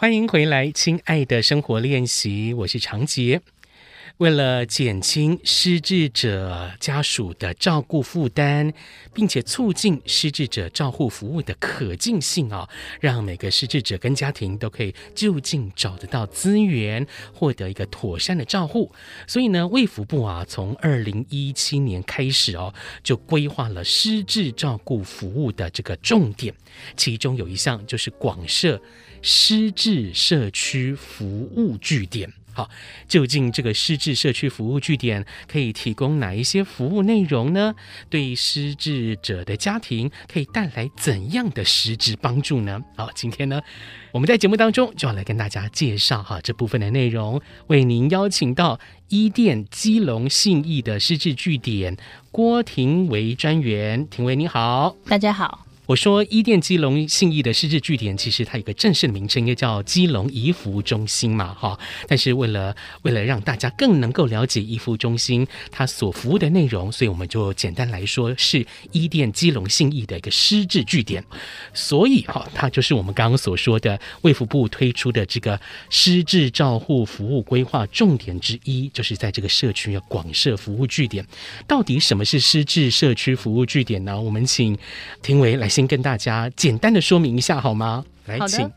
歡迎回來，親愛的生活練習，我是常杰。為了減輕失智者家屬的照顧負擔，並且促進失智者照護服務的可近性啊、哦，讓每個失智者跟家庭都可以就近找得到資源，獲得一個妥善的照護。所以呢，衛福部啊，從二零一七年開始哦，就規劃了失智照顧服務的這個重點，其中有一項就是廣設。失智社區服務據點，好，究竟這個失智社區服務據點可以提供哪一些服務內容呢？對失智者的家庭可以帶來怎樣的實質幫助呢？好，今天呢，我們在節目當中就要來跟大家介紹哈、啊、這部分的內容，為您邀請到伊甸基隆信義的失智據點郭亭葦專員，亭葦您好，大家好。我說，伊甸基隆信義的失智據點，其實它有一個正式的名稱，應該叫基隆頤福中心嘛，哈。但是為了為了讓大家更能夠了解頤福中心它所服務的內容，所以我們就簡單來說是伊甸基隆信義的一個失智據點。所以哈、哦，它就是我們剛剛所說的衛福部推出的這個失智照護服務規劃重點之一，就是在這個社區要廣設服務據點。到底什麼是失智社區服務據點呢？我們請亭葦來先，先跟大家簡單的說明一下好嗎？來好的，請。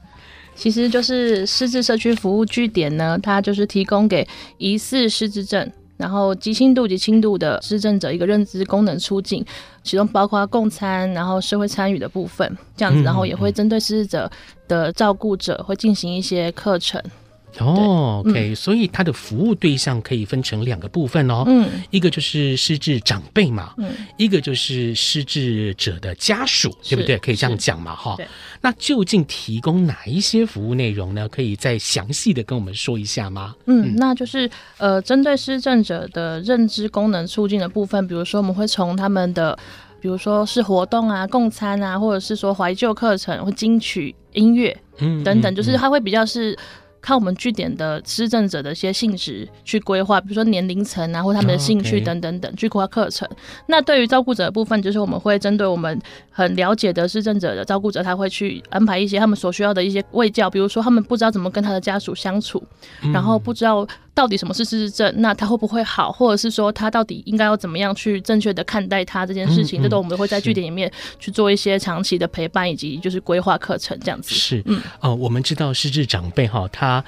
其實就是失智社區服務據點呢，它就是提供給疑似失智症，然後極輕度及輕度的失智症者一個認知功能促進，其中包括共餐，然後社會參與的部分，這樣子，然後也會針對失智者的照顧者會進行一些課程。嗯嗯嗯哦、嗯、，OK，所以它的服務對象可以分成兩個部分哦，嗯，一個就是失智長輩嘛，嗯，一個就是失智者的家屬，嗯、對不對？可以這樣講嘛，哈。那究竟提供哪一些服務內容呢？可以再詳細的跟我們說一下嗎？嗯，嗯那就是呃，針對失智者的認知功能促進的部分，比如說我們會從他們的，比如說是活動啊、共餐啊，或者是說懷舊課程或金曲音樂，嗯，等等，嗯嗯嗯、就是它會比較是。看我們據點的失智者的一些性質去規劃，比如說年齡層啊，或他們的興趣等等等，oh, okay. 去規劃課程。那對於照顧者的部分，就是我們會針對我們很了解的失智者的照顧者，他會去安排一些他們所需要的一些衛教，比如說他們不知道怎麼跟他的家屬相處、嗯，然後不知道。到底什麼是失智症？那他會不會好，或者是說他到底應該要怎麼樣去正確的看待他這件事情？嗯嗯、這都我們會在據點裡面去做一些長期的陪伴，以及就是規劃課程這樣子。是，嗯，哦、呃，我們知道失智長輩哈，他。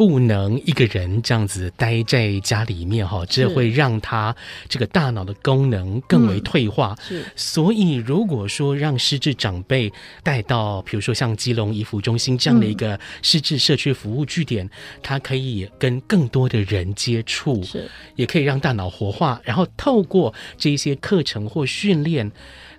不能一個人這樣子待在家裡面哈，這會讓他這個大腦的功能更為退化。嗯、所以如果說讓失智長輩帶到，比如說像基隆頤福中心這樣的一個失智社區服務據點，嗯、他可以跟更多的人接觸，也可以讓大腦活化，然後透過這些課程或訓練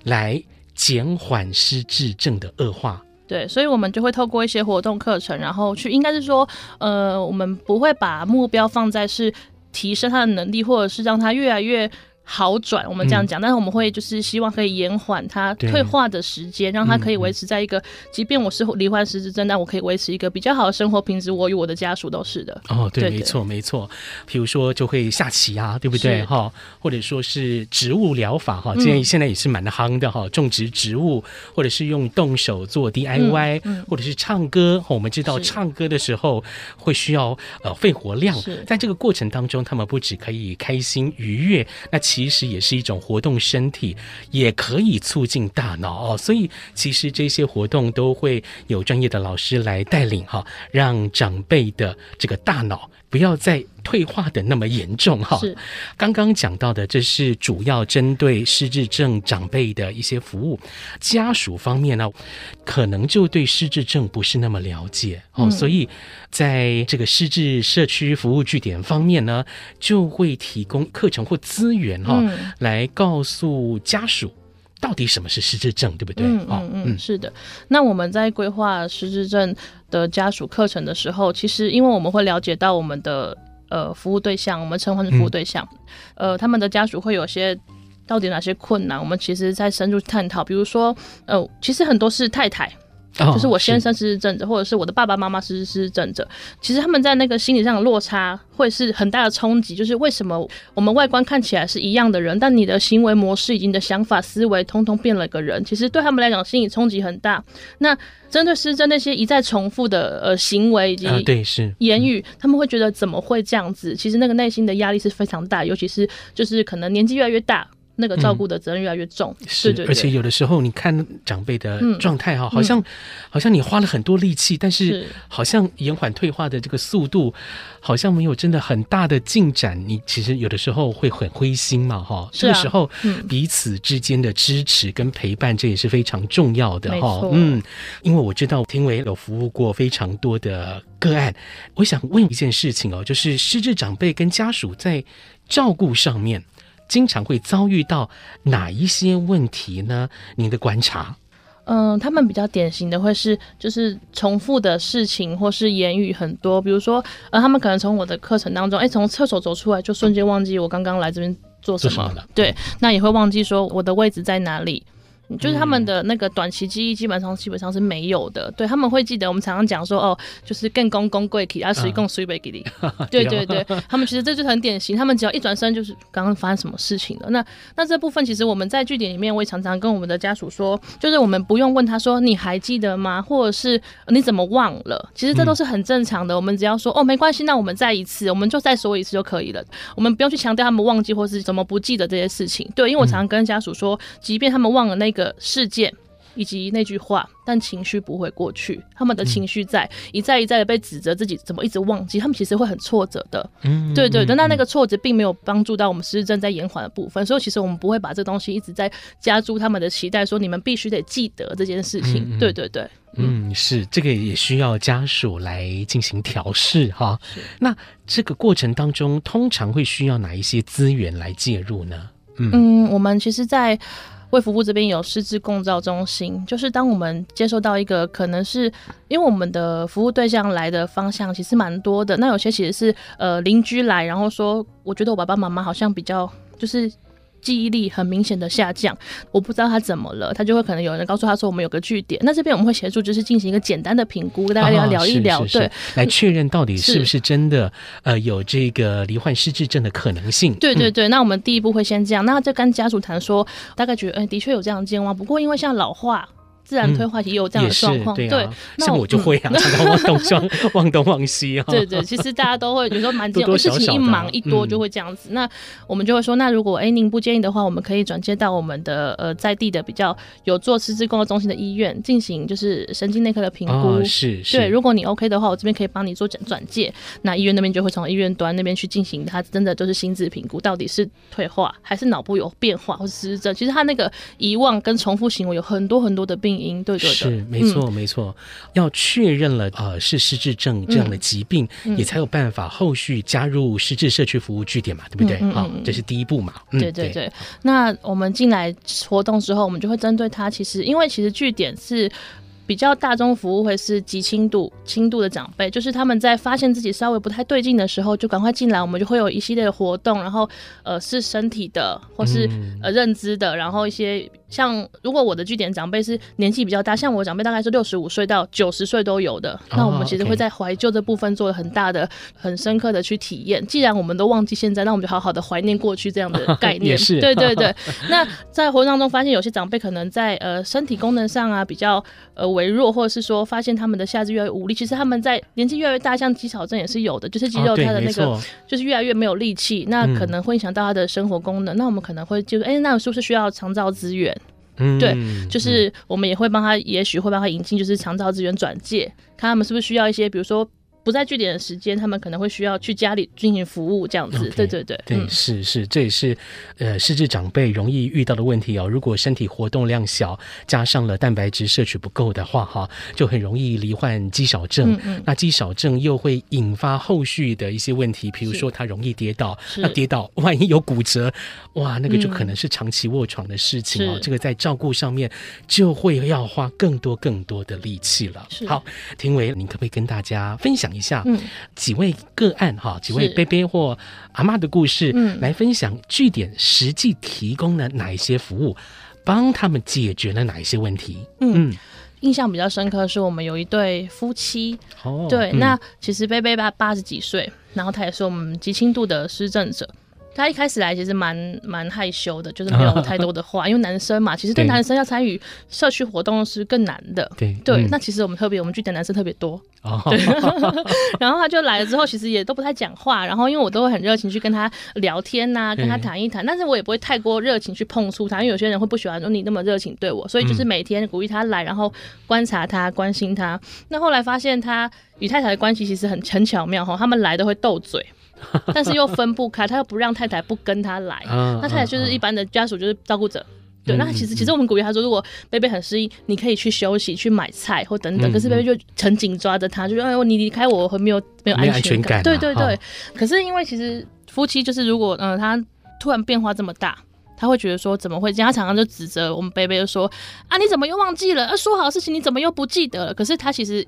來減緩失智症的惡化。對，所以，我們就會透過一些活動、課程，然後去，應該是說，呃，我們不會把目標放在是提升他的能力，或者是讓他越來越。好轉，我們這樣講、嗯，但是我們會就是希望可以延緩它退化的時間，讓它可以維持在一個、嗯，即便我是罹患失智症，嗯，但我可以維持一個比較好的生活品質。我與我的家屬都是的。哦，對，沒錯，沒錯。比如說就會下棋啊，對不對？哈，或者說是植物療法，哈，現在現在也是蠻夯的哈，嗯，種植植物，或者是用動手做 DIY、嗯嗯，或者是唱歌。我們知道唱歌的時候會需要呃肺活量，在這個過程當中，他們不只可以開心愉悅，那其。其實也是一種活動，身體也可以促進大腦哦，所以，其實這些活動都會有專業的老師來帶領哈、哦，讓長輩的這個大腦不要再退化的那麼嚴重哈。是。剛剛講到的，這是主要針對失智症長輩的一些服務。家屬方面呢、啊，可能就對失智症不是那麼了解、嗯、哦，所以在這個失智社區服務據點方面呢，就會提供課程或資源哈、哦嗯，來告訴家屬。到底什麼是失智症，對不對？嗯嗯、哦、嗯，是的。那我們在規劃失智症的家屬課程的時候，其實因為我們會了解到我們的呃服務對象，我們稱呼是服務對象，嗯、呃，他們的家屬會有些到底哪些困難？我們其實在深入探討，比如說，呃，其實很多是太太。就是我先生、哦、是失智者，或者是我的爸爸媽媽是是失智者，其實他們在那個心理上的落差會是很大的衝擊。就是為什麼我們外觀看起來是一樣的人，但你的行為模式以及你的想法思維通通變了個人，其實對他們來講心理衝擊很大。那針對失智那些一再重複的呃行為以及對是言語、呃是，他們會覺得怎麼會這樣子？其實那個內心的壓力是非常大，尤其是就是可能年紀越來越大。那個照顧的責任越來越重，嗯、是，的。而且有的時候你看長輩的狀態哈、嗯，好像、嗯、好像你花了很多力氣、嗯，但是好像延緩退化的這個速度好像沒有真的很大的進展，你其實有的時候會很灰心嘛哈、啊。這個時候彼此之間的支持跟陪伴這也是非常重要的哈。嗯，因為我知道亭葦有服務過非常多的個案，我想問一件事情哦，就是失智長輩跟家屬在照顧上面。經常會遭遇到哪一些問題呢？您的觀察？嗯、呃，他們比較典型的會是，就是重複的事情，或是言語很多。比如說，呃，他們可能從我的課程當中，哎，從廁所走出來就瞬間忘記我剛剛來這邊做什麼，做什麼了，對。對，那也會忘記說我的位置在哪裡。就是他們的那個短期記憶基本上基本上是沒有的，對，他們會記得。我們常常講說，哦、喔，就是更公公貴體啊，誰更隨背給你。對對對、啊啊對、對、對啊啊。他們其實這就很典型， 他們只要一轉身，就是剛剛發生什麼事情了。那那這部分其實我們在據點裡面，我也常常跟我們的家屬說，就是我們不用問他說你還記得嗎，或者是你怎麼忘了？其實這都是很正常的。嗯、我們只要說哦、喔，沒關係，那我們再一次，我們就再說一次就可以了。我們不用去強調他們忘記或是怎麼不記得這些事情。對，因為我常常跟家屬說，即便他們忘了那個。的事件以及那句話，但情緒不會過去，他們的情緒在一再一再的被指責自己，怎麼一直忘記、嗯？他們其實會很挫折的，嗯、對對，對。那、嗯嗯、那個挫折並沒有幫助到我們失智症在延緩的部分，所以其實我們不會把這個東西一直在加諸他們的期待，說你們必須得記得這件事情。嗯、對對對，嗯，嗯是這個也需要家屬來進行調適哈。那這個過程當中，通常會需要哪一些資源來介入呢？嗯，嗯我們其實，在為服務這邊有失智共照中心，就是當我們接受到一個，可能是因為我們的服務對象來的方向其實蠻多的，那有些其實是呃鄰居來，然後說我覺得我爸爸媽媽好像比較就是。記憶力很明顯的下降，我不知道他怎麼了，他就會可能有人告訴他說我們有個據點，那這邊我們會協助就是進行一個簡單的評估，跟大家要聊一聊，哦、是是是對，是來確認到底是不是真的是呃有這個罹患失智症的可能性。對對對，嗯、那我們第一步會先這樣，那就跟家屬談說，大概覺得哎、欸、的確有這樣的健忘，不過因為像老化。自然退化也有這樣的狀況、嗯啊，對，那我，像我就會呀、啊，嗯、常常忘東忘 忘東忘西啊。對對，其實大家都會覺得蠻有，你說蠻多，多小小事情一忙一多就會這樣子。嗯、那我們就會說，那如果哎您不介意的話，我們可以轉接到我們的呃在地的比較有做失智工作中心的醫院進行，就是神經內科的評估。哦是，是，對。如果你 OK 的話，我這邊可以幫你做轉轉介，那醫院那邊就會從醫院端那邊去進行，他真的就是心智評估，到底是退化還是腦部有變化或是失智症。其實他那個遺忘跟重複行為有很多很多的病。對，對，對，是沒錯沒錯，要確認了呃是失智症這樣的疾病，嗯，也才有辦法後續加入失智社區服務據點嘛，對不對？好，嗯嗯嗯哦，這是第一步嘛。嗯，對對對，對。那我們進來活動之後，我們就會針對他，其實因為其實據點是比較大眾服務，或是極輕度、輕度的長輩，就是他們在發現自己稍微不太對勁的時候，就趕快進來，我們就會有一系列的活動，然後呃是身體的或是，嗯，呃認知的，然後一些。像如果我的據點長輩是年紀比較大，像我長輩大概是六十五歲到九十歲都有的，oh, okay. 那我們其實會在懷舊的部分做了很大的、很深刻的去體驗。既然我們都忘記現在，那我們就好好的懷念過去這樣的概念。 也是，對對對。 那在活動當中發現有些長輩可能在呃身體功能上啊比較呃微弱，或者是說發現他們的下肢越來越無力。其實他們在年紀越來越大，像肌少症也是有的，就是肌肉它的那個、oh, okay, 就是越來越沒有力氣、嗯，那可能會影響到他的生活功能。那我們可能會就說，哎、欸，那是不是需要長照資源？嗯，對，就是我們也會幫他，嗯、也許會幫他引進，就是長照資源轉介，看他們是不是需要一些，比如說。不在據點的時間，他們可能會需要去家裡進行服務這樣子，okay, 對對對，對、嗯、是是，這也是呃，失智長輩容易遇到的問題哦。如果身體活動量小，加上了蛋白質攝取不夠的話，哈、哦，就很容易罹患肌少症、嗯嗯。那肌少症又會引發後續的一些問題，比如說它容易跌倒，那跌倒萬一有骨折，哇，那個就可能是長期臥床的事情哦、嗯。這個在照顧上面就會要花更多更多的力氣了。好，亭葦，你可不可以跟大家分享？一下，嗯，幾位個案哈，幾位貝貝或阿媽的故事，嗯，來分享據點實際提供了哪一些服務，幫他們解決了哪一些問題。嗯，嗯印象比較深刻的是我們有一對夫妻，哦，對，嗯、那其實貝貝八八十幾歲，然後他也是我們極輕度的失智者。他一開始來其實蠻蠻害羞的，就是沒有太多的話。啊、因為男生嘛，其實對男生要參與社區活動是更難的。對，對嗯、那其實我們特別，我們據點男生特別多。對哦、 然後他就來了之後，其實也都不太講話。然後因為我都會很熱情去跟他聊天吶、啊，跟他談一談，但是我也不會太過熱情去碰觸他，因為有些人會不喜歡說你那麼熱情對我。所以就是每天鼓勵他來，然後觀察他，關心他。嗯、那後來發現他與太太的關係其實很很巧妙哈，他們來都會鬥嘴。 但是又分不開，他又不讓太太不跟他來，啊、那太太就是一般的家屬，就是照顧者、啊。對、嗯，那其實、嗯、其實我們鼓勵他說，如果貝貝很適應，你可以去休息、去買菜或等等。嗯、可是貝貝就很緊抓着他，就說：“哎呦，你離開我會沒有沒有安全感。全感啊”對對對、啊。可是因為其實夫妻就是如果嗯他突然變化這麼大，他會覺得說怎麼會這樣？他常常就指責我們貝貝，就說：“啊你怎麼又忘記了？啊、說好的事情你怎麼又不記得了？”可是他其實。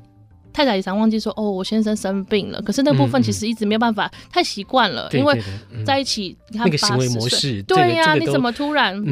太太也常忘記說哦，我先生生病了。可是那部分其實一直沒有辦法，嗯、太習慣了對對對，因為在一起，他、嗯、發、那個、行為模式，對呀、啊這個這個，你怎麼突然嗯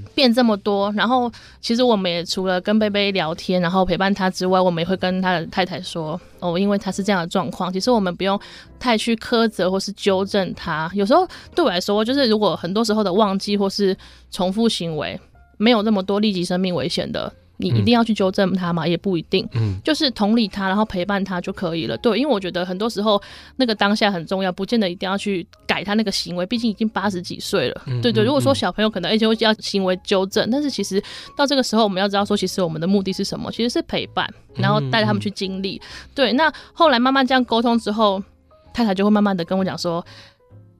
嗯變這麼多？嗯嗯、然後其實我們也除了跟貝貝聊天，然後陪伴他之外，我們也會跟他的太太說哦，因為他是這樣的狀況。其實我們不用太去苛責或是糾正他。有時候對我來說，就是如果很多時候的忘記或是重複行為，沒有那麼多立即生命危險的。你一定要去糾正他嘛、嗯？也不一定，嗯，就是同理他，然後陪伴他就可以了。對，因為我覺得很多時候那個當下很重要，不見得一定要去改他那個行為，畢竟已經八十幾歲了。對，對對，如果說小朋友可能而且、欸、就會要行為糾正，但是其實到這個時候，我們要知道說，其實我們的目的是什麼？其實是陪伴，然後帶他們去經歷、嗯。對，那後來慢慢這樣溝通之後，太太就會慢慢的跟我講說。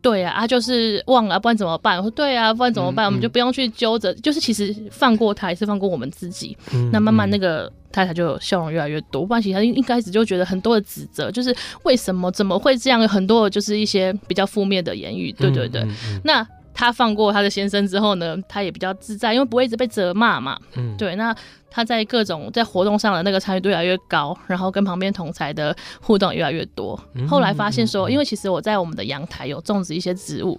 對呀、啊，他、啊、就是忘了，不然怎麼辦？我說對呀、啊，不然怎麼辦、嗯嗯？我們就不用去揪着，就是其實放過他，還是放過我們自己、嗯。那慢慢那個太太就笑容越來越多，不然其實他，一開始就覺得很多的指責，就是為什麼怎麼會這樣，有很多就是一些比較負面的言語。對對對，嗯嗯嗯、那。他放過他的先生之後呢，他也比較自在，因為不會一直被責罵嘛。嗯。對，那他在各種在活動上的那個參與度越來越高，然後跟旁邊同台的互動越來越多。嗯嗯嗯。後來發現說，因為其實我在我們的陽台有種植一些植物，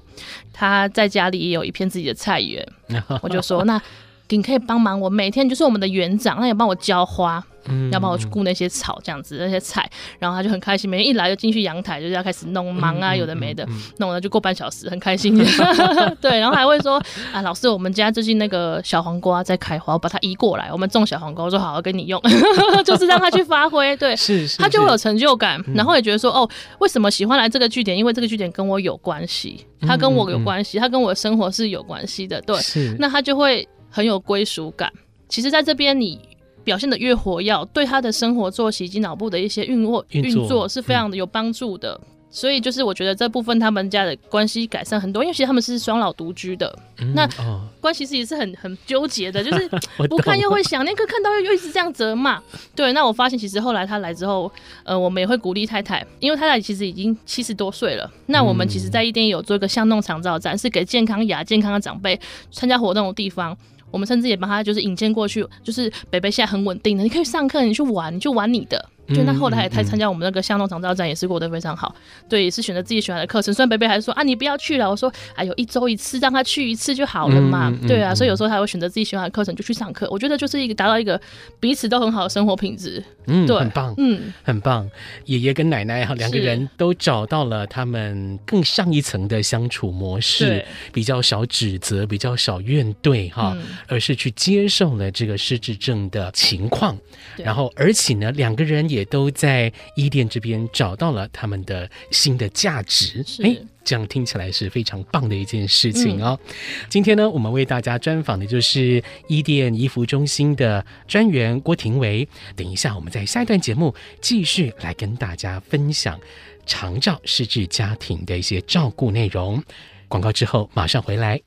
他在家裡也有一片自己的菜園， 我就說那你可以幫忙我每天，就是我們的園長，那你幫我澆花。要不然我去顧那些草，這樣子那些菜，然後他就很開心，每天一來就進去陽台，就是、要開始弄忙啊有的沒的弄了就過半小時很開心。 對，然後還會說啊，老師，我們家最近那個小黃瓜在開花，我把它移過來，我們種小黃瓜，我說好好跟你用， 就是讓他去發揮。對，是，他就會有成就感，然後也覺得說哦，為什麼喜歡來這個據點？因為這個據點跟我有關係，他跟我有關係，他跟我的生活是有關係的。對是，那他就會很有歸屬感。其實，在這邊你。表現得越活躍，對他的生活作息以及腦部的一些運作運作是非常的有幫助的，嗯。所以就是我覺得這部分他們家的關係改善很多，因為其實他們是雙老獨居的，嗯、那、哦、關係其實也是很很糾結的，就是不看又會想， 那個看到又一直這樣責罵。對，那我發現其實後來他來之後，呃，我們也會鼓勵太太，因為太太其實已經七十多歲了。那我們其實，在義店有做一個巷弄長照站，是、嗯、給健康、亞健康的長輩參加活動的地方。我們甚至也幫他，就是引薦過去，就是北北現在很穩定的，你可以上課，你去玩，你就玩你的。就他後來還他參加我們那個巷弄長照站也是過得非常好，嗯嗯、對，也是選擇自己喜歡的課程。雖然北北還是說啊，你不要去了。我說，哎呦，一周一次，讓他去一次就好了嘛，嗯嗯嗯。對啊，所以有時候他會選擇自己喜歡的課程就去上課。我覺得就是一個達到一個彼此都很好的生活品質。嗯，對，很棒，嗯，很棒。爺爺跟奶奶啊兩個人都找到了他們更上一層的相處模式，比較少指責，比較少怨懟哈，嗯，而是去接受了這個失智症的情況。然後而且呢，兩個人。也都在伊甸這邊找到了他們的新的價值，哎，這樣聽起來是非常棒的一件事情哦。嗯、今天呢，我們為大家專訪的就是伊甸頤福中心的專員郭亭葦。等一下，我們在下一段節目繼續來跟大家分享長照失智家庭的一些照顧內容。廣告之後馬上回來。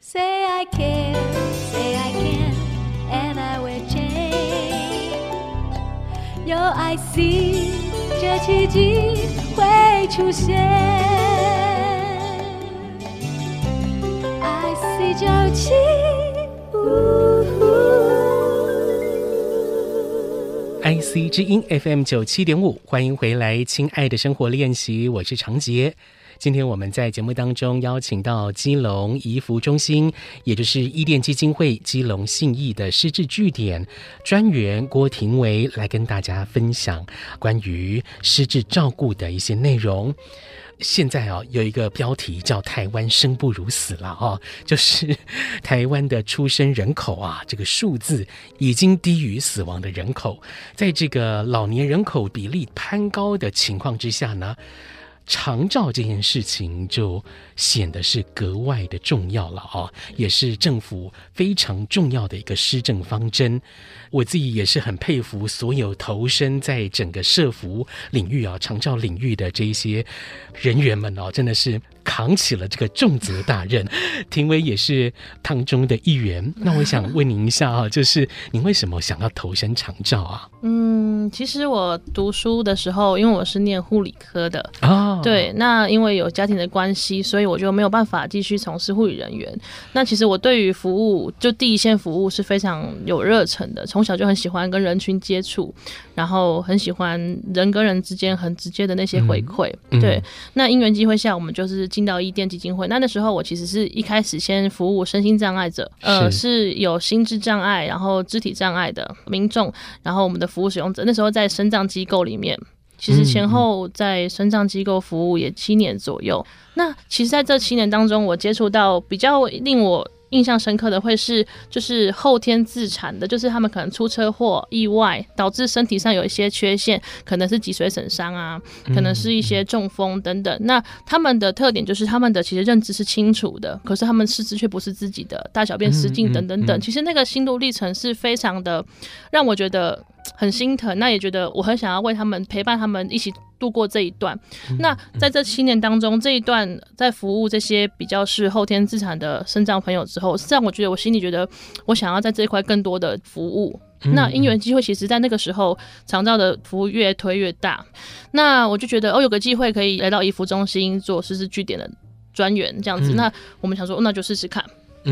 Say I can, say 有愛心，這奇蹟會出現。I C 九七，I C 之音 FM 九七點五，歡迎回來，親愛的生活練習，我是長杰。今天我們在節目當中邀請到基隆頤福中心，也就是伊甸基金會基隆信義的失智據點專員郭亭葦來跟大家分享關於失智照顧的一些內容。現在啊，有一個標題叫“台灣生不如死了”哦，就是台灣的出生人口啊，這個數字已經低於死亡的人口，在這個老年人口比例攀高的情況之下呢。長照這件事情就顯得是格外的重要了啊，也是政府非常重要的一個施政方針。我自己也是很佩服所有投身在整個社福領域啊、長照領域的這一些人員們哦、啊，真的是。扛起了這個重責大任，亭葦也是當中的一員。那我想問您一下啊，就是您為什麼想要投身長照啊？嗯，其實我讀書的時候，因為我是念護理科的、哦、對，那因為有家庭的關係，所以我就沒有辦法繼續從事護理人員。那其實我對於服務，就第一線服務是非常有熱忱的，從小就很喜歡跟人群接觸，然後很喜歡人跟人之間很直接的那些回饋、嗯。對，那因緣機會下，我們就是。進到伊甸基金會，那那時候我其實是一開始先服務身心障礙者，呃，是有心智障礙，然後肢體障礙的民眾，然後我們的服務使用者那時候在身障機構裡面，其實前後在身障機構服務也七年左右。嗯嗯。那其實在這七年當中，我接觸到比較令我。印象深刻的會是，就是後天自殘的，就是他們可能出車禍、意外，導致身體上有一些缺陷，可能是脊髓損傷啊，可能是一些中風等等。嗯、那他們的特點就是他們的其實認知是清楚的，可是他們四肢卻不是自己的，大小便失禁等等等。嗯嗯嗯、其實那個心路歷程是非常的，讓我覺得。很心疼，那也覺得我很想要為他們陪伴他們一起度過這一段，嗯嗯。那在這七年當中，這一段在服務這些比較是後天資產的生長朋友之後，是讓我覺得我心裡覺得我想要在這一塊更多的服務。嗯、那因緣機會，其實在那個時候，長照的服務越推越大。那我就覺得哦，有個機會可以來到頤福中心做失智據點的專員這樣子，嗯。那我們想說，那就試試看。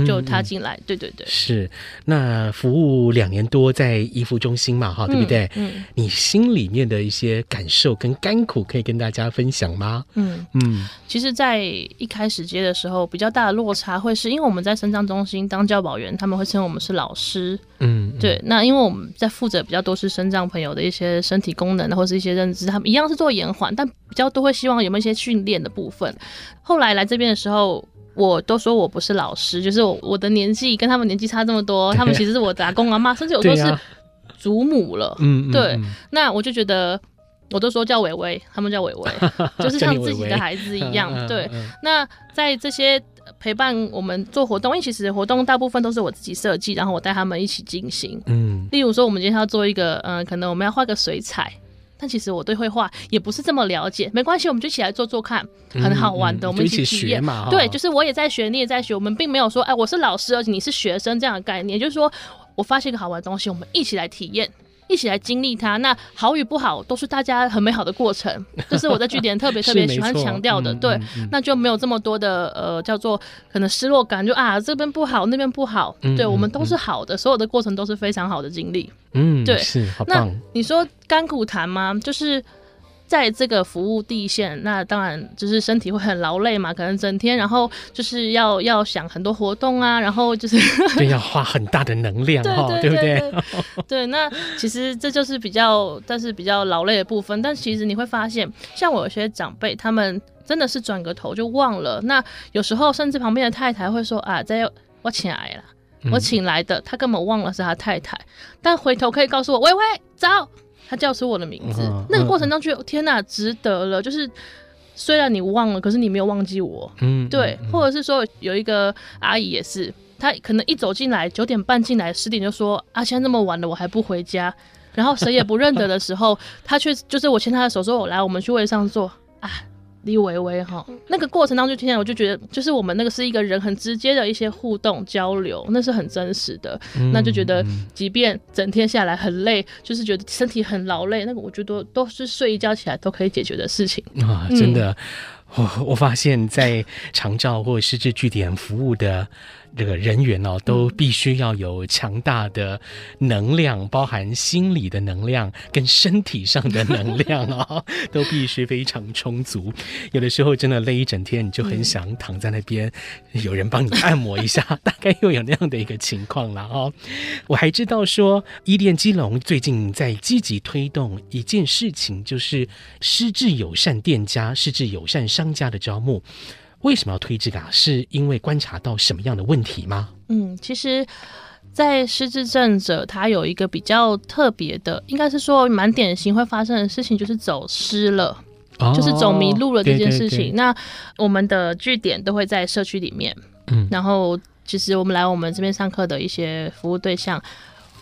就他進來嗯嗯，對對對，是那服務兩年多在頤福中心嘛，哈，對不對？嗯、嗯，你心裡面的一些感受跟甘苦可以跟大家分享嗎？嗯嗯，其實，在一開始接的時候，比較大的落差會是因為我們在身障中心當教保員，他們會稱我們是老師，嗯、嗯，對。那因為我們在負責比較多是身障朋友的一些身體功能或是一些認知，他們一樣是做延緩，但比較多會希望有沒有一些訓練的部分。後來來這邊的時候，我都說我不是老師，就是我我的年紀跟他們年紀差這麼多，啊、他們其實是我阿公阿嬤，甚至有時候是祖母了。嗯、啊，對嗯嗯嗯。那我就覺得，我都說叫葦葦，他們叫葦葦，就是像自己的孩子一樣。葦葦對嗯嗯嗯。那在這些陪伴我們做活動，因為其實活動大部分都是我自己設計，然後我帶他們一起進行。嗯。例如說，我們今天要做一個，嗯、呃，可能我們要畫個水彩。但其實我對繪畫也不是這麼了解，沒關係，我們就一起來做做看，嗯、很好玩的，嗯、我們一起，體驗，就一起學嘛，哦。對，就是我也在學，你也在學，我們並沒有說，哎，我是老師，而且你是學生這樣的概念。就是說我發現一個好玩的東西，我們一起來體驗。一起來經歷它，那好與不好都是大家很美好的過程，這 是我在據點特別特別喜歡強調的。 對、嗯嗯嗯，那就沒有這麼多的呃，叫做可能失落感，就啊這邊不好，那邊不好，嗯、對我們都是好的、嗯，所有的過程都是非常好的經歷。嗯，對，是好棒。那你說甘苦談嗎？就是。在這個服務第一線，那當然就是身體會很勞累嘛，可能整天，然後就是要要想很多活動啊，然後就是就要花很大的能量， 哦，對不對？對，對，對，對，對，那其實這就是比較，但是比較勞累的部分。但其實你會發現，像我有些長輩，他們真的是轉個頭就忘了。那有時候甚至旁邊的太太會說啊，這我請來了，我請來的，他根本忘了是他太太。但回頭可以告訴我，喂喂，走。他叫出我的名字，嗯啊、那個過程當中，天哪、啊，值得了！就是雖然你忘了，可是你沒有忘記我，嗯、對嗯嗯。或者是說，有一個阿姨也是，她可能一走進來，九點半進來，十點就說：“啊，現在那麼晚了，我還不回家。”然後誰也不認得的時候， 她卻就是我牽她的手，說：“我來，我們去位上坐啊。”李微微哈、哦，那個過程當中就聽見，我就覺得就是我們那個是一個人很直接的一些互動交流，那是很真實的。嗯、那就覺得，即便整天下來很累，就是覺得身體很勞累，那個我覺得都是睡一覺起來都可以解決的事情啊，真的、啊。嗯哦，我發現，在長照或失智據點服務的這個人員哦，都必須要有強大的能量，包含心理的能量跟身體上的能量哦，都必須非常充足。 有的時候真的累一整天，你就很想躺在那邊，有人幫你按摩一下， 大概又有那樣的一個情況了哦。我還知道說，伊甸基隆最近在積極推動一件事情，就是失智友善店家、失智友善商。增加的招募，為什麼要推遲啊？是因為觀察到什麼樣的問題嗎？嗯，其實，在失智症者，他有一個比較特別的，應該是說蠻典型會發生的事情，就是走失了、哦，就是走迷路了這件事情。對對對，那我們的據點都會在社區裡面，嗯，然後其實我們來我們這邊上課的一些服務對象，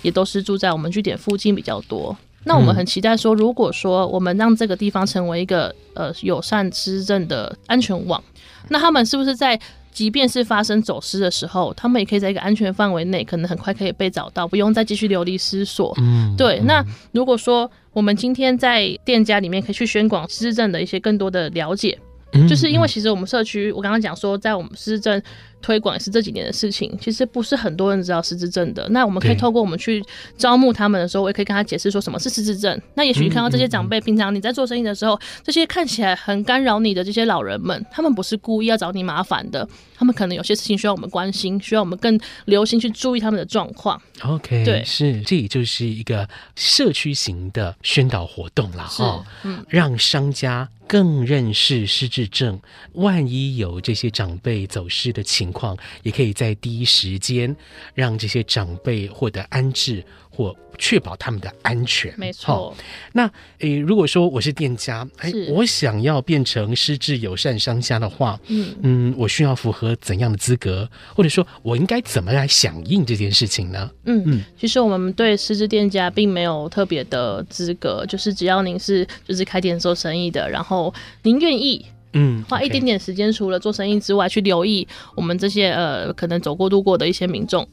也都是住在我們據點附近比較多。那我們很期待說，如果說我們讓這個地方成為一個呃友善失智的安全網，那他們是不是在即便是發生走失的時候，他們也可以在一個安全範圍內，可能很快可以被找到，不用再繼續流離失所？嗯，對。那如果說我們今天在店家裡面可以去宣廣失智的一些更多的了解，嗯、就是因為其實我們社區，我剛剛講說，在我們失智。推廣也是這幾年的事情，其實不是很多人知道失智症的。那我們可以透過我們去招募他們的時候，我也可以跟他解釋說什麼是失智症。那也許你看到這些長輩、嗯，平常你在做生意的時候，嗯、這些看起來很干擾你的這些老人們，他們不是故意要找你麻煩的，他們可能有些事情需要我們關心，需要我們更留心去注意他們的狀況。OK，對，是，這也就是一個社區型的宣導活動了哈、嗯，讓商家更認識失智症。萬一有這些長輩走失的情。況也可以在第一時間讓這些長輩獲得安置或確保他們的安全。沒錯。Oh, 那誒、欸，如果說我是店家，哎、欸，我想要變成失智友善商家的話，嗯嗯，我需要符合怎樣的資格？或者說，我應該怎麼來響應這件事情呢？嗯嗯，其實我們對失智店家並沒有特別的資格，就是只要您是就是開店做生意的，然後您願意。嗯，花一點點時間，除了做生意之外，Okay. 去留意我們這些呃，可能走過路過的一些民眾，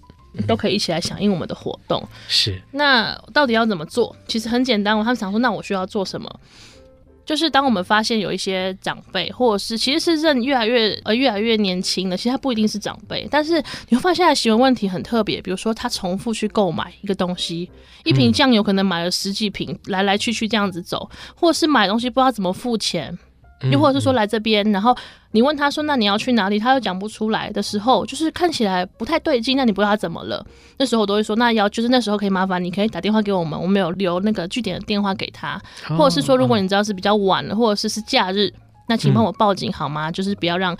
都可以一起來響應我們的活動。是。那到底要怎麼做？其實很簡單，他們想說，那我需要做什麼？就是當我們發現有一些長輩，或者是其實是人越來越呃越來越年輕的。其實他不一定是長輩，但是你會發現他的行為問題很特別，比如說他重複去購買一個東西，一瓶醬油可能買了十幾瓶，來來去去這樣子走，嗯、或者是買東西不知道怎麼付錢。又或者是說來這邊，然後你問他說：“那你要去哪裡？”他又講不出來的時候，就是看起來不太對勁，那你不知道他怎麼了。那時候我都會說：“那要就是那時候可以麻煩，你可以打電話給我們，我們有留那個據點的電話給他。哦、或者是說，如果你知道是比較晚、哦、或者是是假日，那請幫我報警好嗎？嗯、就是不要讓。”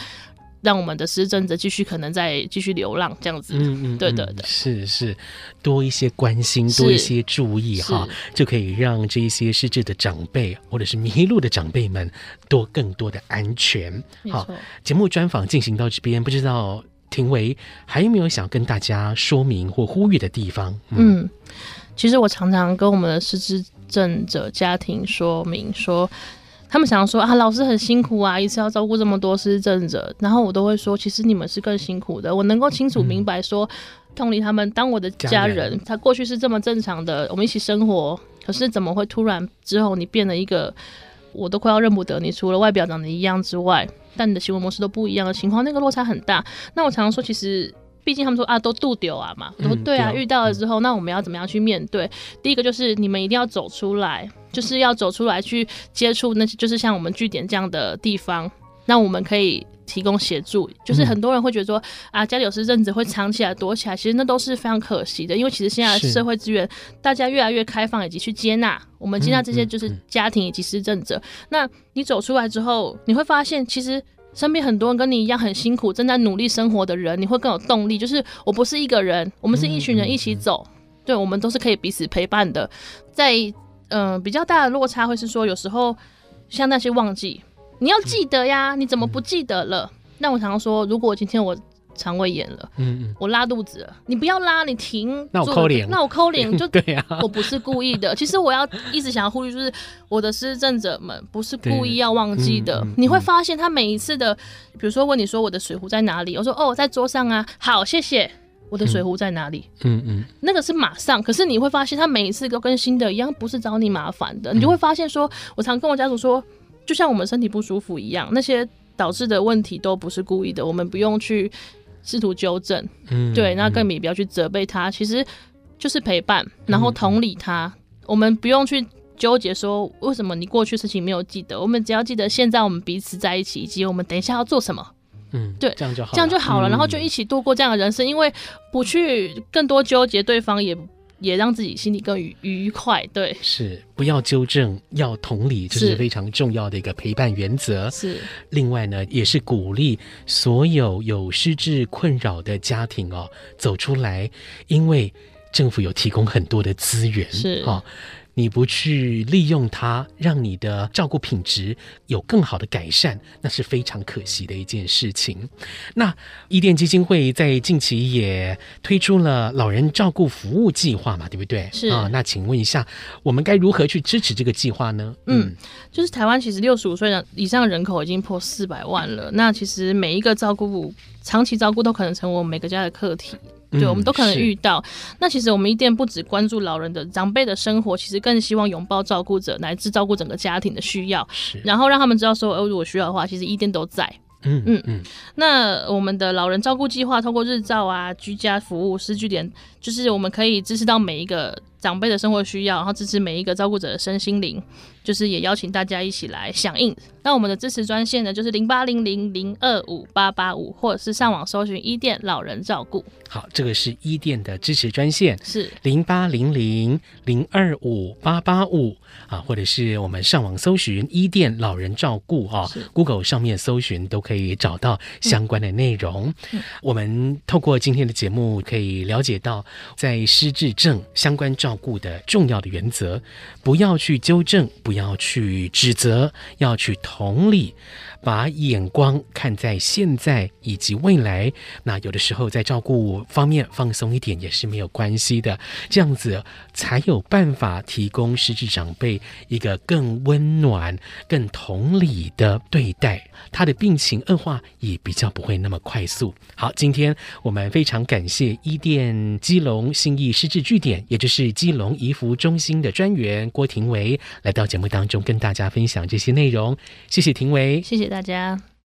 讓我們的失智者繼續可能再繼續流浪這樣子，嗯嗯，對對對，是是，多一些關心，多一些注意哈，就可以讓這一些失智的長輩或者是迷路的長輩們多更多的安全。好，節目專訪進行到這邊，不知道亭葦還有沒有想跟大家說明或呼籲的地方？嗯，嗯其實我常常跟我們的失智症者家庭說明說。他們想要說啊，老師很辛苦啊，一次要照顧這麼多失智者，然後我都會說，其實你們是更辛苦的。我能夠清楚明白說，同、嗯、理，他們當我的家人，家人，他過去是這麼正常的，我們一起生活，可是怎麼會突然之後你變了一個我都快要認不得你，除了外表長得一樣之外，但你的行為模式都不一樣的情況，那個落差很大。那我常常說，其實畢竟他們說啊，都度丟啊嘛，我說對啊、嗯對，遇到了之後，那我們要怎麼樣去面對？第一個就是你們一定要走出來。就是要走出來去接觸那些，就是像我們據點這樣的地方，那我們可以提供協助。就是很多人會覺得說，啊，家裡有失智者會藏起來躲起來，其實那都是非常可惜的，因為其實現在社會資源大家越來越開放，以及去接納我們接納這些就是家庭以及失智者，嗯嗯嗯。那你走出來之後，你會發現，其實身邊很多人跟你一樣很辛苦，正在努力生活的人，你會更有動力。就是我不是一個人，我們是一群人一起走，嗯嗯嗯、對我們都是可以彼此陪伴的，在。嗯，比較大的落差會是說，有時候像那些忘記，你要記得呀，嗯、你怎麼不記得了、嗯？那我常常說，如果今天我腸胃炎了嗯，嗯，我拉肚子了，你不要拉，你停。嗯、那我摳臉，那我摳臉就對呀、 啊，我不是故意的。其實我要一直想要呼籲，就是我的失智症者們不是故意要忘記的、嗯嗯。你會發現他每一次的，比如說，問你說我的水壺在哪裡，我說哦，在桌上啊，好，謝謝。我的水壺在哪裡？嗯嗯，嗯，那個是馬上。可是你會發現，他每一次都跟新的一樣，不是找你麻煩的。嗯、你就會發現說，說我常跟我家屬說，就像我們身體不舒服一樣，那些導致的問題都不是故意的，我們不用去試圖糾正。嗯、對，那更你不要去責備他。其實就是陪伴，然後同理他、嗯。我們不用去糾結說，為什麼你過去事情沒有記得，我們只要記得現在我們彼此在一起，以及我們等一下要做什麼。嗯，對，這樣就好，這樣就好了。嗯，然後就一起度過這樣的人生，嗯、因為不去更多糾結對方也，也、嗯、也讓自己心裡更愉愉快。對，是不要糾正，要同理，這，就是非常重要的一個陪伴原則。是，另外呢，也是鼓勵所有有失智困擾的家庭哦走出來，因為政府有提供很多的資源，是啊。哦你不去利用它，讓你的照顧品質有更好的改善，那是非常可惜的一件事情。那伊甸基金會在近期也推出了老人照顧服務計劃嘛，對不對？是啊、嗯。那請問一下，我們該如何去支持這個計劃呢？嗯，就是台灣其實六十五歲的以上的人口已經破四百萬了，那其實每一個照顧長期照顧都可能成為我們每個家的課題。對，我們都可能遇到。嗯、那其實我們伊甸不只關注老人的長輩的生活，其實更希望擁抱照顧者乃至照顧整個家庭的需要，然後讓他們知道說，哦、呃，如果需要的話，其實伊甸都在。嗯嗯嗯。那我們的老人照顧計劃，透過日照啊、居家服務、失智據點，就是我們可以支持到每一個長輩的生活需要，然後支持每一個照顧者的身心靈。就是也邀請大家一起來響應。那我們的支持專線呢，就是零八零零零二五八八五，或者是上網搜尋“伊甸老人照顧”。好，這個是伊甸的支持專線，是零八零零零二五八八五啊，或者是我們上網搜尋“伊甸老人照顧”哈、啊。Google 上面搜尋都可以找到相關的內容，嗯。我們透過今天的節目可以了解到，在失智症相關照顧的重要的原則，不要去糾正，不要去指責，要去同理。把眼光看在現在以及未來，那有的時候在照顧方面放鬆一點也是沒有關係的，這樣子才有辦法提供失智長輩一個更溫暖、更同理的對待，他的病情惡化也比較不會那麼快速。好，今天我們非常感謝伊甸基隆信義失智據點，也就是基隆頤福中心的專員郭亭葦來到節目當中跟大家分享這些內容，謝謝亭葦，謝謝。大家。